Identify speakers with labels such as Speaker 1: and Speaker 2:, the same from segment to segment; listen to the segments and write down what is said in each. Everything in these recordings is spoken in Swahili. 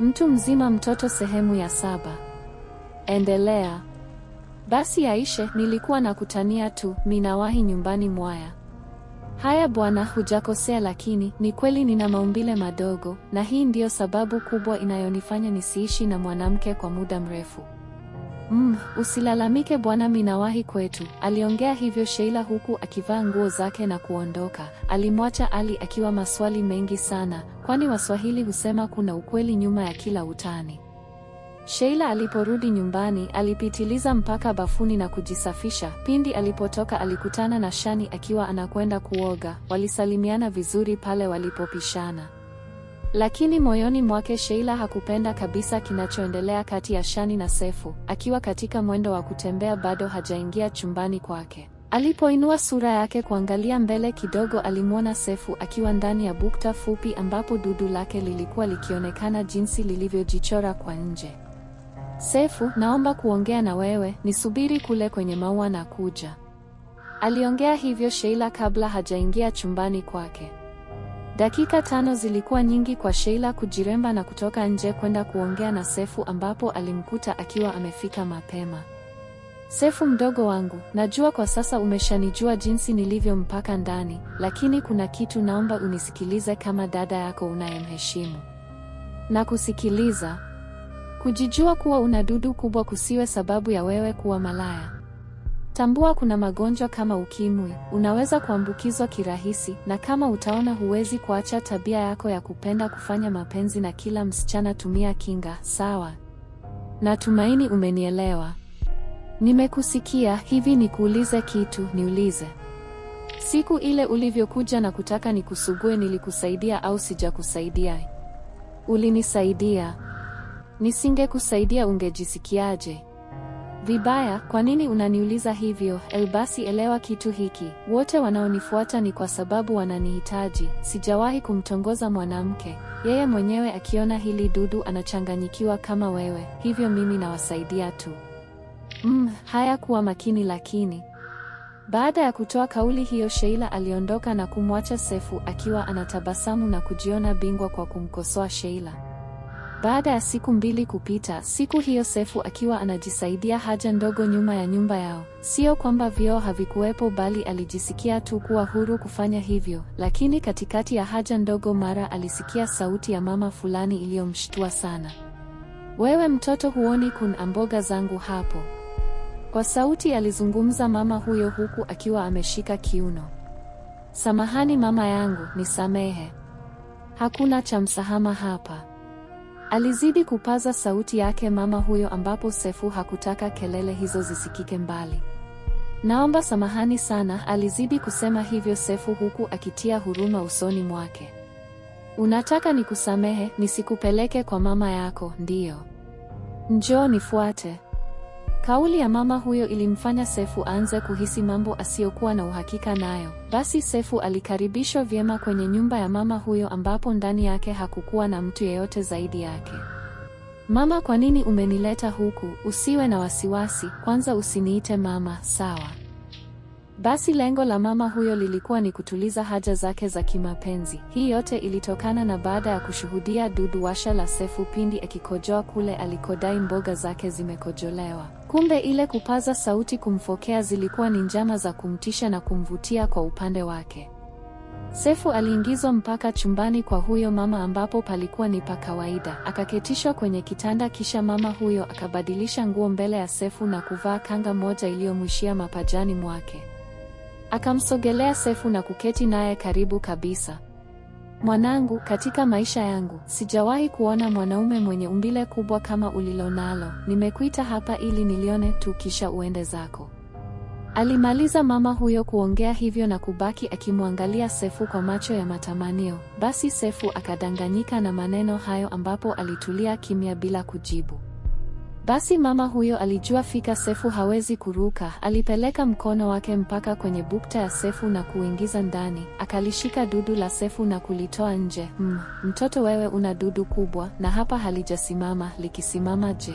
Speaker 1: Mtu mzima mtoto sehemu ya saba. Endelea. Basi Aisha, nilikuwa nakutania tu, minawahi nyumbani mwaya. Haya bwana, hujakosea, lakini ni kweli nina maumbile madogo, na hii ndiyo sababu kubwa inayonifanya nisiishi na mwanamke kwa muda mrefu. Mm, usilalamike bwana, minawahi kwetu. Aliongea hivyo Sheila huku akivaa nguo zake na kuondoka. Alimwacha Ali akiwa maswali mengi sana, kwani Waswahili husema kuna ukweli nyuma ya kila utani. Sheila aliporudi nyumbani alipitiliza mpaka bafuni na kujisafisha. Pindi alipotoka alikutana na Shani akiwa anakwenda kuoga. Walisalimiana vizuri pale walipopishana, lakini moyoni mwake Sheila hakupenda kabisa kinachoendelea kati ya Shani na Sefu. Akiwa katika mwendo wa kutembea, bado hajaingia chumbani kwake. Alipoinua sura yake kuangalia mbele kidogo, alimwona Sefu akiwa ndani ya bukta fupi ambapo dudu lake lilikuwa likionekana jinsi lilivyojichora kwa nje. Sefu, naomba kuongea na wewe, nisubiri kule kwenye maua na kuja. Aliongea hivyo Sheila kabla hajaingia chumbani kwake. Dakika tano zilikuwa nyingi kwa Sheila kujiremba na kutoka nje kwenda kuongea na Sefu ambapo alimkuta akiwa amefika mapema. Sefu mdogo wangu, najua kwa sasa umeshanijua jinsi nilivyo mpaka ndani, lakini kuna kitu naomba unisikilize kama dada yako unayemheshimu. Na kusikiliza. Kujijua kuwa una dudu kubwa kusiwe sababu ya wewe kuwa malaya. Tambua kuna magonjwa kama ukimwi, unaweza kuambukizwa kirahisi, na kama utaona huwezi kuacha tabia yako ya kupenda kufanya mapenzi na kila msichana, tumia kinga, sawa? Natumaini umenielewa. Nimekusikia, hivi nikuulize kitu? Niulize. Siku ile ulivyokuja na kutaka nikusugue, nilikusaidia au sijakusaidia? Ulinisaidia. Nisingekusaidia ungejisikiaje? Vibaya. Kwa nini unaniuliza hivyo? elbasi elewa kitu hiki, wote wanaonifuata ni kwa sababu wananihitaji. Sijawahi kumtongoza mwanamke, yeye mwenyewe akiona hili dudu anachanganyikiwa kama wewe, hivyo mimi nawasaidia tu. Mm, hayakuwa makini lakini. Baada ya kutoa kauli hiyo Sheila aliondoka na kumwacha Sefu akiwa anatabasamu na kujiona bingwa kwa kumkosoa Sheila. Baada ya siku mbili kupita, siku hiyo Sefu akiwa anajisaidia haja ndogo nyuma ya nyumba yao. Sio kwamba vioo havikuwepo bali alijisikia tu kuwa huru kufanya hivyo, lakini katikati ya haja ndogo mara alisikia sauti ya mama fulani iliyomshtua sana. Wewe mtoto huoni kuna mboga zangu hapo? Kwa sauti alizungumza mama huyo huku akiwa ameshika kiuno. Samahani mama yangu, nisamehe. Hakuna cha msamaha hapa. Alizidi kupaza sauti yake mama huyo ambapo Sefu hakutaka kelele hizo zisikike mbali. Naomba samahani sana, alizidi kusema hivyo Sefu huku akitia huruma usoni mwake. Unataka nikusamehe, nisikupeleke kwa mama yako? Ndiyo. Njoo nifuate. Kauli ya mama huyo ilimfanya Sefu aanze kuhisi mambo asiyokuwa na uhakika nayo. Basi Sefu alikaribishwa vyema kwenye nyumba ya mama huyo ambapo ndani yake hakukuwa na mtu yeyote zaidi yake. Mama, kwa nini umenileta huku? Usiwe na wasiwasi, kwanza usiniite mama, sawa? Basi lengo la mama huyo lilikuwa ni kutuliza haja zake za kimapenzi. Hii yote ilitokana na baada ya kushuhudia dudu washa la Sefu pindi akikojoa kule alikodai mboga zake zimekojolewa. Kumbe ile kupaza sauti kumfokea zilikuwa ni njama za kumtisha na kumvutia kwa upande wake. Sefu aliingizwa mpaka chumbani kwa huyo mama ambapo palikuwa ni pa kawaida. Akaketishwa kwenye kitanda kisha mama huyo akabadilisha nguo mbele ya Sefu na kuvaa kanga moja iliyomwishia mapajani mwake. Akamsogelea Sefu na kuketi naye karibu kabisa. Mwanangu, katika maisha yangu sijawahi kuona mwanaume mwenye umbile kubwa kama ulilonalo. Nimekuita hapa ili nilione tu, kisha uende zako. Alimaliza mama huyo kuongea hivyo na kubaki akimwangalia Sefu kwa macho ya matamanio. Basi Sefu akadanganyika na maneno hayo ambapo alitulia kimya bila kujibu. Basi mama huyo alijua fika Sefu hawezi kuruka. Alipeleka mkono wake mpaka kwenye bukta ya Sefu na kuingiza ndani, akalishika dudu la Sefu na kulitoa nje. Mm, mtoto wewe una dudu kubwa, na hapa halijasimama. Likisimama je?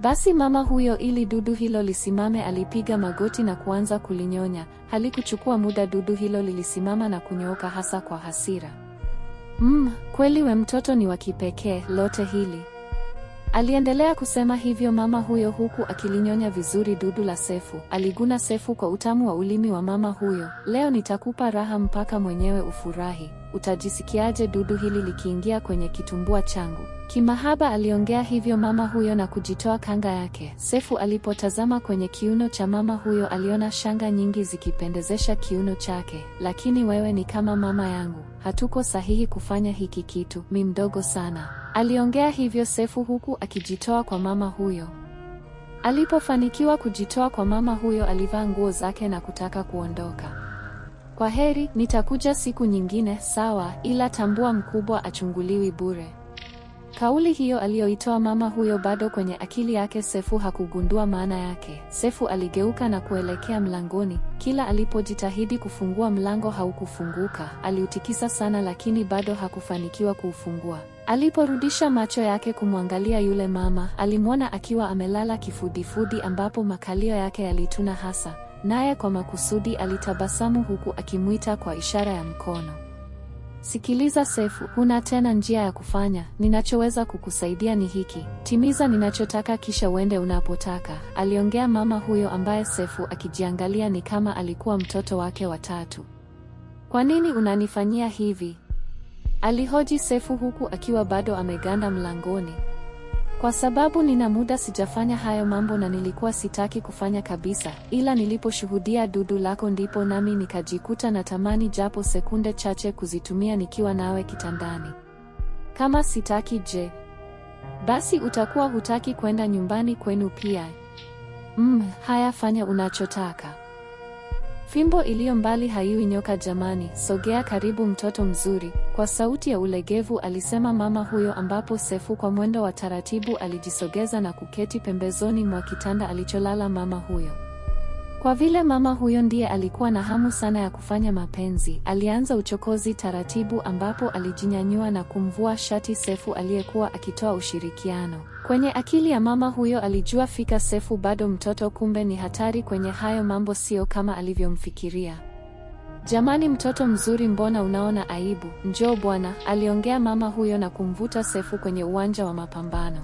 Speaker 1: Basi mama huyo, ili dudu hilo lisimame, alipiga magoti na kuanza kulinyonya. Halikuchukua muda, dudu hilo lilisimama na kunyooka hasa kwa hasira. Mm, kweli we mtoto ni wa kipekee, lote hili Aliendelea kusema hivyo mama huyo huku akilinyonya vizuri dudu la Sefu. Aliguna Sefu kwa utamu wa ulimi wa mama huyo. Leo nitakupa raha mpaka mwenyewe ufurahi. Utajisikiaje dudu hili likiingia kwenye kitumbua changu? Kimahaba aliongea hivyo mama huyo na kujitoa kanga yake. Sefu alipotazama kwenye kiuno cha mama huyo aliona shanga nyingi zikipendezesha kiuno chake. Lakini wewe ni kama mama yangu hatuko sahihi kufanya hiki kitu, mi mdogo sana. Aliongea hivyo Sefu huku akijitoa kwa mama huyo. Alipofanikiwa kujitoa kwa mama huyo, alivaa nguo zake na kutaka kuondoka. Kwa heri, nitakuja siku nyingine, sawa, ila tambua mkubwa achunguliwi bure. Kauli hiyo aliyoitoa mama huyo bado kwenye akili yake, Sefu hakugundua maana yake. Sefu aligeuka na kuelekea mlangoni. Kila alipojitahidi kufungua mlango haukufunguka. Aliutikisa sana, lakini bado hakufanikiwa kuufungua. Aliporudisha macho yake kumwangalia yule mama, alimwona akiwa amelala kifudifudi, ambapo makalio yake yalituna hasa, naye kwa makusudi alitabasamu huku akimwita kwa ishara ya mkono. Sikiliza Sefu, huna tena njia ya kufanya. Ninachoweza kukusaidia ni hiki, timiza ninachotaka kisha uende unapotaka, aliongea mama huyo ambaye Sefu akijiangalia ni kama alikuwa mtoto wake wa tatu. Kwa nini unanifanyia hivi? alihoji Sefu huku akiwa bado ameganda mlangoni. Kwa sababu nina muda sijafanya hayo mambo na nilikuwa sitaki kufanya kabisa, ila niliposhuhudia dudu lako ndipo nami nikajikuta na tamani japo sekunde chache kuzitumia nikiwa nawe kitandani. Kama sitaki je? Basi utakuwa hutaki kwenda nyumbani kwenu pia. Mm, haya fanya unachotaka. Fimbo iliyo mbali haiwi nyoka jamani, sogea karibu mtoto mzuri. Kwa sauti ya ulegevu alisema mama huyo ambapo Sefu kwa mwendo wa taratibu alijisogeza na kuketi pembezoni mwa kitanda alicholala mama huyo. Kwa vile mama huyo ndiye alikuwa na hamu sana ya kufanya mapenzi, alianza uchokozi taratibu ambapo alijinyanyua na kumvua shati Sefu aliyekuwa akitoa ushirikiano. Kwenye akili ya mama huyo alijua fika Sefu bado mtoto kumbe ni hatari kwenye hayo mambo sio kama alivyomfikiria. Jamani, mtoto mzuri, mbona unaona aibu? Njoo bwana, aliongea mama huyo na kumvuta Sefu kwenye uwanja wa mapambano.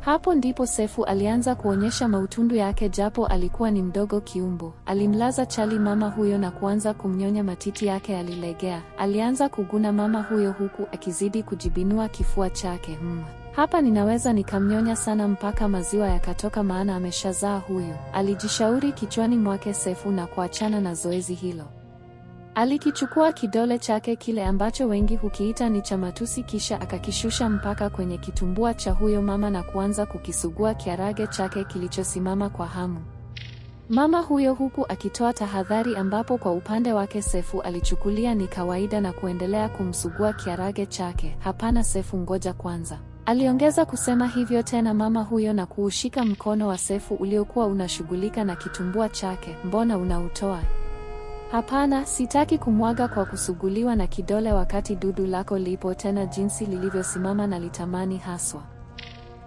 Speaker 1: Hapo ndipo Sefu alianza kuonyesha mautundu yake, japo alikuwa ni mdogo kiumbo. Alimlaza chali mama huyo na kuanza kumnyonya matiti yake yalilegea. Alianza kuguna mama huyo huku akizidi kujibinua kifua chake. Hmm. Hapa ninaweza nikamnyonya sana mpaka maziwa yakatoka, maana ameshazaa huyo alijishauri kichwani mwake Sefu na kuachana na zoezi hilo. Alikichukua kidole chake kile ambacho wengi hukiita ni cha matusi kisha akakishusha mpaka kwenye kitumbua cha huyo mama na kuanza kukisugua kiarage chake kilichosimama kwa hamu. Mama huyo huku akitoa tahadhari ambapo kwa upande wake Sefu alichukulia ni kawaida na kuendelea kumsugua kiarage chake. Hapana Sefu, ngoja kwanza. Aliongeza kusema hivyo tena mama huyo na kuushika mkono wa Sefu uliokuwa unashughulika na kitumbua chake. Mbona unautoa? Hapana, sitaki kumwaga kwa kusuguliwa na kidole wakati dudu lako lipo tena jinsi lilivyosimama na litamani haswa.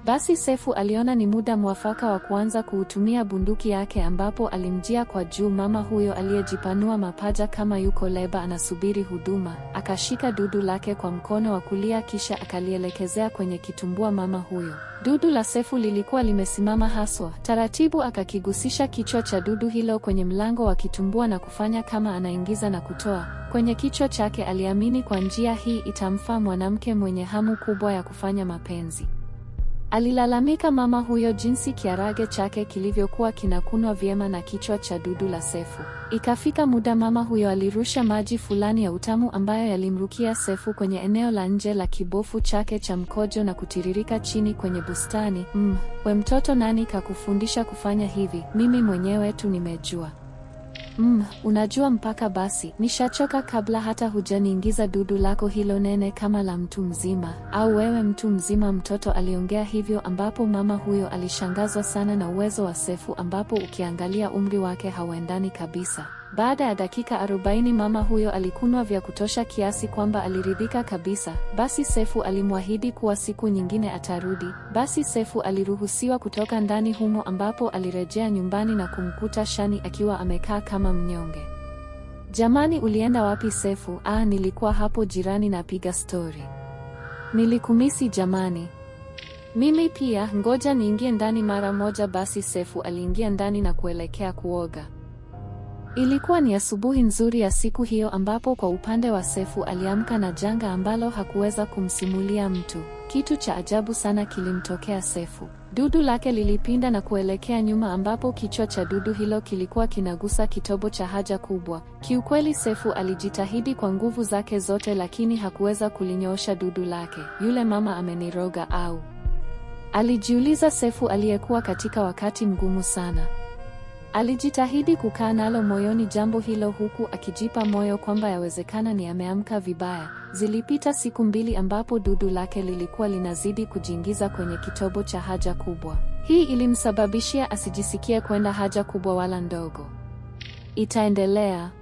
Speaker 1: Basi Sefu aliona ni muda mwafaka wa kuanza kuutumia bunduki yake ambapo alimjia kwa juu mama huyo aliyejipanua mapaja kama yuko leba anasubiri huduma. Akashika dudu lake kwa mkono wa kulia kisha akalielekezea kwenye kitumbua mama huyo. Dudu la Sefu lilikuwa limesimama haswa. Taratibu akakigusisha kichwa cha dudu hilo kwenye mlango wa kitumbua na kufanya kama anaingiza na kutoa. Kwenye kichwa chake aliamini kwa njia hii itamfaa mwanamke mwenye hamu kubwa ya kufanya mapenzi. Alilalamika mama huyo jinsi kiarage chake kilivyokuwa kinakunwa vyema na kichwa cha dudu la Sefu. Ikafika muda mama huyo alirusha maji fulani ya utamu ambayo yalimrukia Sefu kwenye eneo la nje la kibofu chake cha mkojo na kutiririka chini kwenye bustani. Mm, we mtoto nani kakufundisha kufanya hivi? Mimi mwenyewe tu nimejua. Mm, unajua mpaka basi, nishachoka kabla hata hujaniingiza dudu lako hilo nene kama la mtu mzima, au wewe mtu mzima. Mtoto aliongea hivyo, ambapo mama huyo alishangazwa sana na uwezo wa Sefu, ambapo ukiangalia umri wake hauendani kabisa. Baada ya dakika arobaini mama huyo alikunwa vya kutosha kiasi kwamba aliridhika kabisa. Basi Sefu alimwahidi kuwa siku nyingine atarudi. Basi Sefu aliruhusiwa kutoka ndani humo ambapo alirejea nyumbani na kumkuta Shani akiwa amekaa kama mnyonge. Jamani, ulienda wapi Sefu? Ah, nilikuwa hapo jirani napiga stori. Nilikumisi jamani. Mimi pia, ngoja niingie ndani mara moja. Basi Sefu aliingia ndani na kuelekea kuoga. Ilikuwa ni asubuhi nzuri ya siku hiyo ambapo kwa upande wa Sefu aliamka na janga ambalo hakuweza kumsimulia mtu. Kitu cha ajabu sana kilimtokea Sefu. Dudu lake lilipinda na kuelekea nyuma ambapo kichwa cha dudu hilo kilikuwa kinagusa kitobo cha haja kubwa. Kiukweli Sefu alijitahidi kwa nguvu zake zote lakini hakuweza kulinyoosha dudu lake. Yule mama ameniroga au? Alijiuliza Sefu aliyekuwa katika wakati mgumu sana. Alijitahidi kukaa nalo moyoni jambo hilo huku akijipa moyo kwamba yawezekana ni ameamka vibaya. Zilipita siku mbili ambapo dudu lake lilikuwa linazidi kujiingiza kwenye kitobo cha haja kubwa. Hii ilimsababishia asijisikie kwenda haja kubwa wala ndogo. Itaendelea.